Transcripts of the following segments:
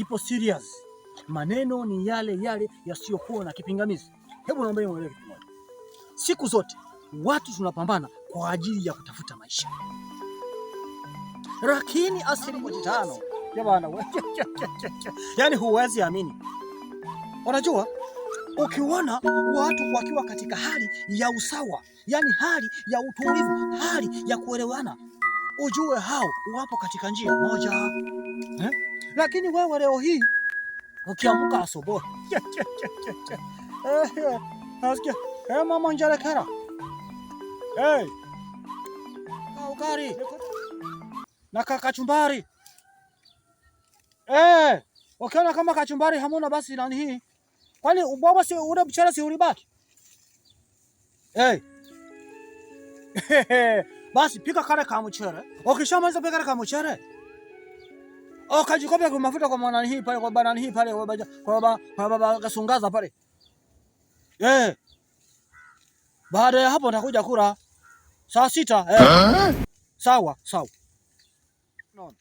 kipo serious. Maneno ni yale yale yasiyokuwa na kipingamizi. Hebu naomba nielewe kitu moja, siku zote watu tunapambana kwa ajili ya kutafuta maisha, lakini asilimia tano jamani, yaani huwezi amini. Unajua, ukiona watu wakiwa katika hali ya usawa, yaani hali ya utulivu, hali ya kuelewana, ujue hao wapo katika njia moja eh? Lakini wewe leo hii ukiamka ah. asubuhi eh, eh, nasikia eh, hey, mama njelekera hey, kaukari na kakachumbari hey, ukiona kama kachumbari hamuna basi nani hii, kwani ubwabwa si ule mchele si ulibaki? hey. Basi pika kale kamuchere, mchele, ukishamaliza pika kale kamuchere mchele Oh, kajikope kwa mafuta kwa mwanani hii pale kwa banani hii pale kwa baba kwa baba kwa baba kasungaza pale. Eh. Baada ya hapo nitakuja kula saa sita. Eh. Sawa, sawa. No.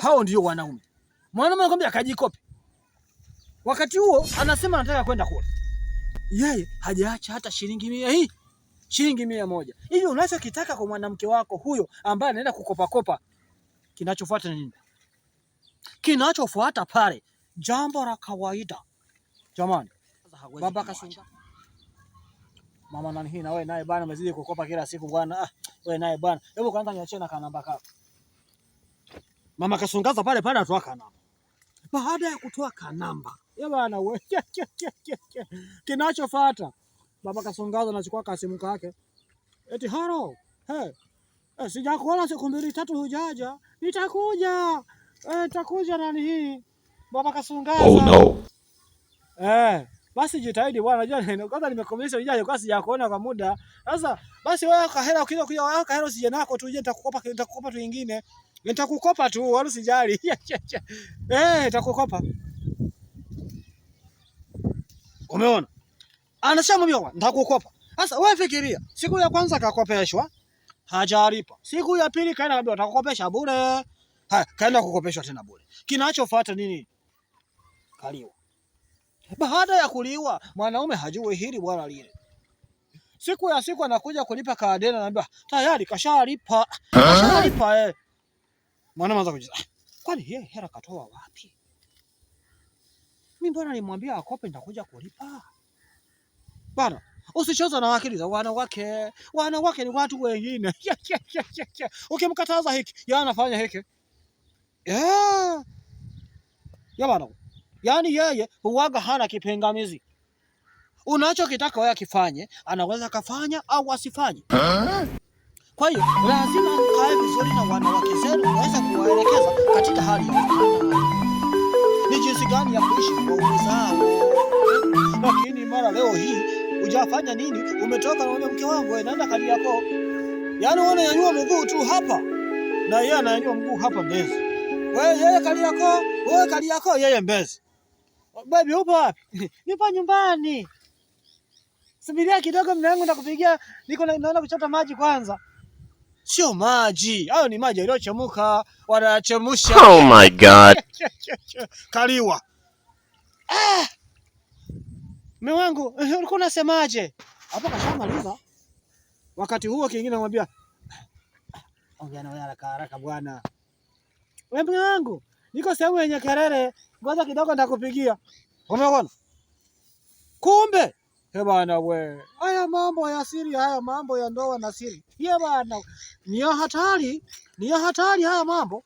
Hao ndio wanaume. Mwanaume anakuambia kajikope. Wakati huo anasema anataka kwenda kula. Yeye hajaacha hata shilingi mia hii. Shilingi mia moja. Hivi unachokitaka kwa mwanamke wako huyo ambaye anaenda kukopa kopa, kinachofuata ni nini? kinachofuata pale, jambo la kawaida jamani. Baba Kasungu, mama nani hii, na wewe naye bwana, umezidi kukopa kila siku bwana. Ah, wewe naye bwana, hebu kwanza niachie na kanamba kako. Mama Kasungaza pale pale atoa kanamba. Baada ya kutoa kanamba ya bwana, wewe kinachofuata, Baba Kasungaza anachukua kasimu kake, eti haro, hey, eh, sijakuona siku mbili tatu, hujaja, nitakuja eh, takuja nani hii Baba Kasungaza. Oh no. Eh, basi jitahidi bwana, unajua kwanza nimekomesha ijaje kwa sija kuona kwa muda. Sasa basi wewe kwa hela ukija kuja wewe kwa hela usije nako tu, je nitakukopa nitakukopa tu nyingine. Nitakukopa tu, wala usijali. Eh, nitakukopa. Umeona? Anashamwambia bwana, nitakukopa. Sasa wewe fikiria, siku ya kwanza kakopeshwa, hajalipa. Siku ya pili kaenda kaambia utakopesha bure. Haya, kaenda kukopeshwa tena bure. Kinachofuata nini? Kaliwa. Baada ya kuliwa, mwanaume hajui hili wala lile. Siku ya siku anakuja kulipa kaadena, anambia tayari kashalipa, kashalipa eh. Mwanaume anaanza kujiza, kwani yeye hela katoa wapi? Mimi mbona nimwambia akope, nitakuja kulipa bana. usichoza na akili za wanawake. Wanawake ni watu wengine. Ukimkataza hiki, yeye anafanya hiki. Ee, ya bana, yaani yeye huwaga hana kipingamizi. Unachokitaka wewe akifanye, anaweza kafanya au asifanye. Kwa hiyo lazima kae vizuri na wanawake zenu kuweza kuwaelekeza katika hali ya ni jinsi gani ya kuishi kwa uzao. Lakini mara leo hii hujafanya nini, umetoka na mke wangu, naenda kali yako, yaani wewe unanyanyua mguu tu hapa na yeye ananyanyua mguu hapa mbezi wewe Kariakoo, wewe Kariakoo, yeye Mbezi. Baby upo wapi? Nipo nyumbani. Subiria kidogo mna yangu nakupigia, niko naona kuchota maji kwanza. Sio maji, hayo ni maji yaliyochemuka, wanayachemusha. Oh my God. Kaliwa. Ah! Mume wangu, eh, ulikuwa unasemaje? Hapo kashamaliza. Wakati huo kingine namwambia, ah, ongea na wewe haraka haraka bwana. Wewe mke wangu, niko sehemu yenye kelele, ngoja kidogo nitakupigia. Umeona? Kumbe he eh bana, we haya mambo ya siri, haya mambo ya ndoa na siri, ye bana, ni ya hatari, ni ya hatari haya mambo.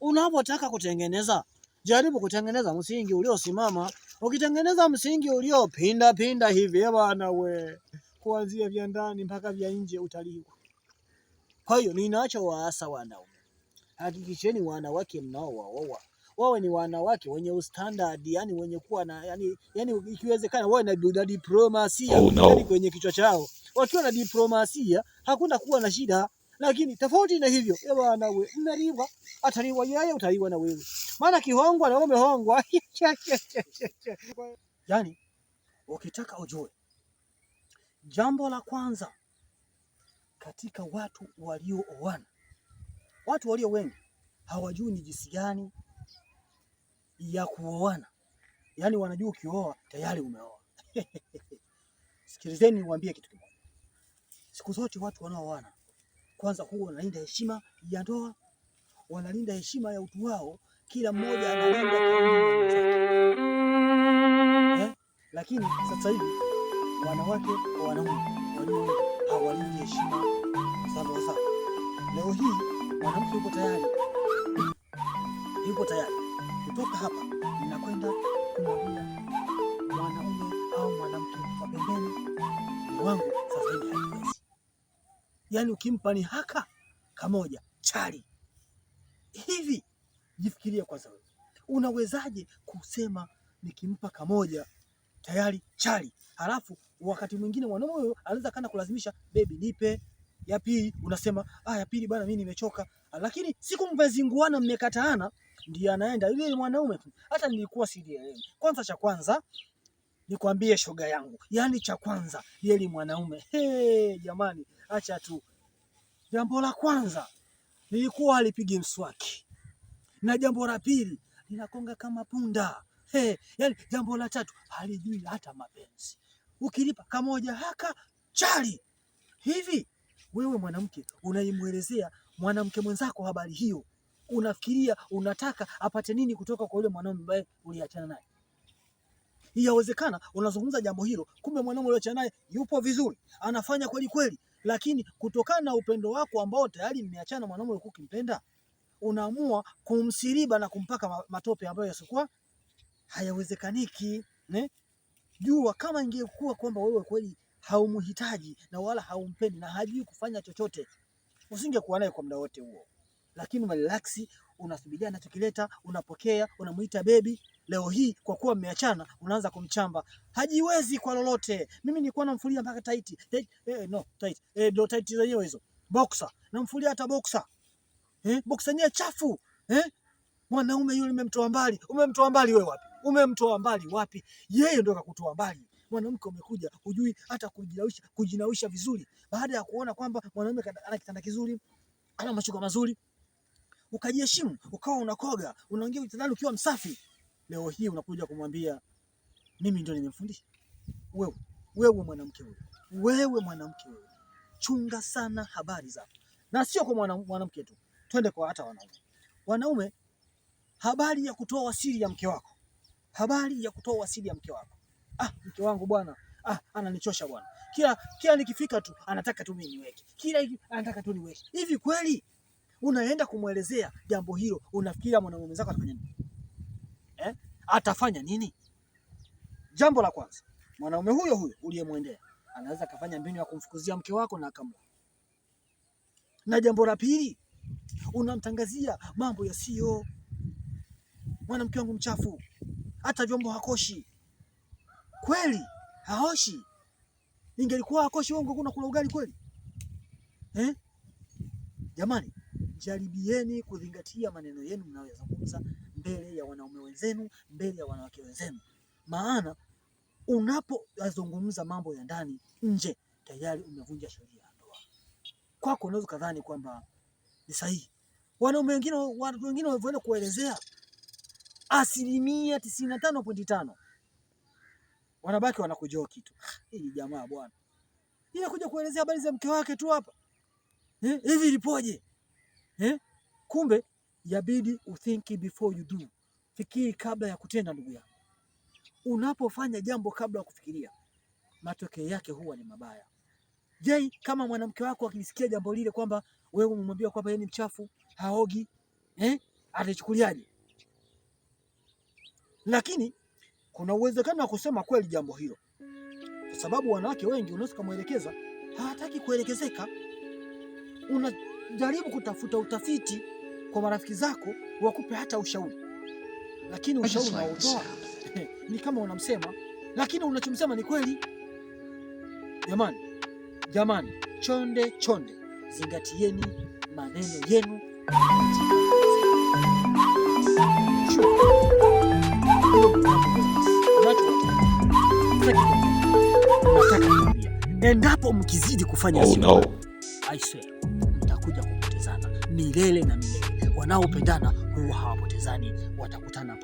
Unapotaka kutengeneza, jaribu kutengeneza msingi uliosimama. Ukitengeneza msingi uliopinda pinda hivi, ye bana, we kuanzia vya ndani mpaka vya nje utaliwa. Kwa hiyo ninacho waasa wanaume hakikisheni wanawake mnaowaoa wawe ni wanawake wenye ustandard, yani wenye kuwa na yani, yani ikiwezekana wawe na, na diplomasia oh, no. Yaani kwenye kichwa chao. Wakiwa na diplomasia hakuna kuwa na shida, lakini tofauti na hivyo bwana, wewe mnaliwa, ataliwa yeye, utaliwa na wewe, maana kihongwa na umehongwa yani, ukitaka ujue jambo la kwanza katika watu waliooana Watu walio wengi hawajui ni jinsi gani ya kuoana, yaani wanajua ukioa tayari umeoa. Sikilizeni niwaambie kitu kimoja, siku zote watu wanaoana kwanza huwa wanalinda heshima ya ndoa, wanalinda heshima ya utu wao, kila mmoja analinda eh? Lakini sasa hivi wanawake kwa wanaume hawalindi heshima sawa Leo hii mwanamke yuko tayari, yuko tayari kutoka hapa, ninakwenda kumwambia mwanaume au mwanamke kwa pembeni wangu, sasa hivi haiwezi. Yaani ukimpa ni haka kamoja chali hivi, jifikiria kwanza wewe, unawezaje kusema nikimpa kamoja tayari chali, halafu wakati mwingine mwanaume huyo anaweza kana kulazimisha, bebi nipe ya pili unasema ah, ya pili bwana, mimi nimechoka. Lakini siku mmezinguana, mmekataana, ndiye anaenda yule mwanaume tu. Hata nilikuwa sijielewi. Kwanza cha kwanza nikwambie, shoga yangu, yani cha kwanza yeli mwanaume hey, jamani, acha tu. Jambo la kwanza nilikuwa alipigi mswaki, na jambo la pili linakonga kama punda hey, yani jambo la tatu halijui hata mapenzi, ukilipa kamoja haka chali hivi wewe mwanamke unaimwelezea mwanamke mwenzako habari hiyo, unafikiria unataka apate nini kutoka kwa yule mwanaume ambaye uliachana naye? Yawezekana unazungumza jambo hilo, kumbe mwanaume uliachana naye yupo vizuri, anafanya kweli kweli, lakini kutokana na upendo wako ambao tayari mmeachana, mwanaume ulikuwa ukimpenda, unaamua kumsiriba na kumpaka matope ambayo yasikuwa hayawezekaniki ne? Jua kama ingekuwa kwamba wewe kweli haumhitaji na wala haumpendi na hajui kufanya chochote, usingekuwa naye kwa muda wote huo. Lakini umerelaksi, unasubiria anachokileta, unapokea, unamuita baby. Leo hii kwa kuwa mmeachana, unaanza kumchamba, hajiwezi kwa lolote. Mimi nilikuwa namfulia mpaka taiti taiti, eh, eh, no taiti eh, ndio taiti zenyewe hizo boxer, namfulia hata boxer eh, boxer yenyewe chafu eh, mwanaume yule umemtoa mbali. Umemtoa mbali wewe wapi? Umemtoa mbali wapi? Yeye ndio kakutoa mbali mwanamke umekuja, hujui hata kujinawisha, kujinawisha vizuri, baada ya kuona kwamba mwanaume ana kitanda kizuri, ana mashuka mazuri, ukajiheshimu, ukawa unakoga, unaongea kitandani ukiwa msafi, leo hii unakuja kumwambia mimi ndio nimemfundisha wewe. Wewe mwanamke wewe, wewe mwanamke wewe, chunga sana habari zako, na sio kwa mwanamke tu, twende kwa hata wanaume. Wanaume, habari ya kutoa wasiri ya mke wako, habari ya kutoa wasiri ya mke wako ah, mke wangu bwana ah, ananichosha bwana, kila kila nikifika tu anataka tu mimi niweke, kila anataka tu niweke. Hivi kweli unaenda kumwelezea jambo hilo, unafikiria mwanamume mwenzako atafanya nini? Eh, atafanya nini? Jambo la kwanza, mwanaume huyo huyo uliyemwendea anaweza kafanya mbinu ya kumfukuzia mke wako na akamu. Na jambo la pili, unamtangazia mambo yasiyo, mwanamke wangu mchafu, hata vyombo hakoshi kweli haoshi. Ingelikuwa akoshi wewe ungekuwa unakula ugali kweli eh? Jamani, jaribieni kuzingatia maneno yenu mnayozungumza mbele ya wanaume wenzenu, mbele ya wanawake wenzenu, maana unapozungumza mambo ya ndani nje, tayari umevunja sheria ya ndoa. Kwako unaweza kadhani kwamba ni sahihi, wanaume wengine, watu wengine walivyoenda kuelezea asilimia tisini na tano pointi tano wanabaki wanakujoki kitu. Ah, hii jamaa bwana, yeye kuja kuelezea habari za mke wake tu hapa eh, hivi ilipoje eh? Kumbe yabidi uthinki before you do, fikiri kabla ya kutenda ndugu yako. Unapofanya jambo kabla ya kufikiria, matokeo yake huwa ni mabaya. Je, kama mwanamke wako akisikia jambo lile kwamba wewe umemwambia kwamba yeye ni mchafu, haogi eh, atachukuliaje? Lakini kuna uwezekano wa kusema kweli jambo hilo, kwa sababu wanawake wengi unaweza kumuelekeza, hawataki kuelekezeka. Unajaribu kutafuta utafiti kwa marafiki zako wakupe hata ushauri, lakini ushauri unaotoa ni kama unamsema, lakini unachomsema ni kweli. Jamani, jamani, chonde chonde, zingatieni maneno yenu. endapo mkizidi kufanya oh, no. I swear mtakuja kupotezana milele na milele. Wanaopendana huwa hawapotezani, watakutana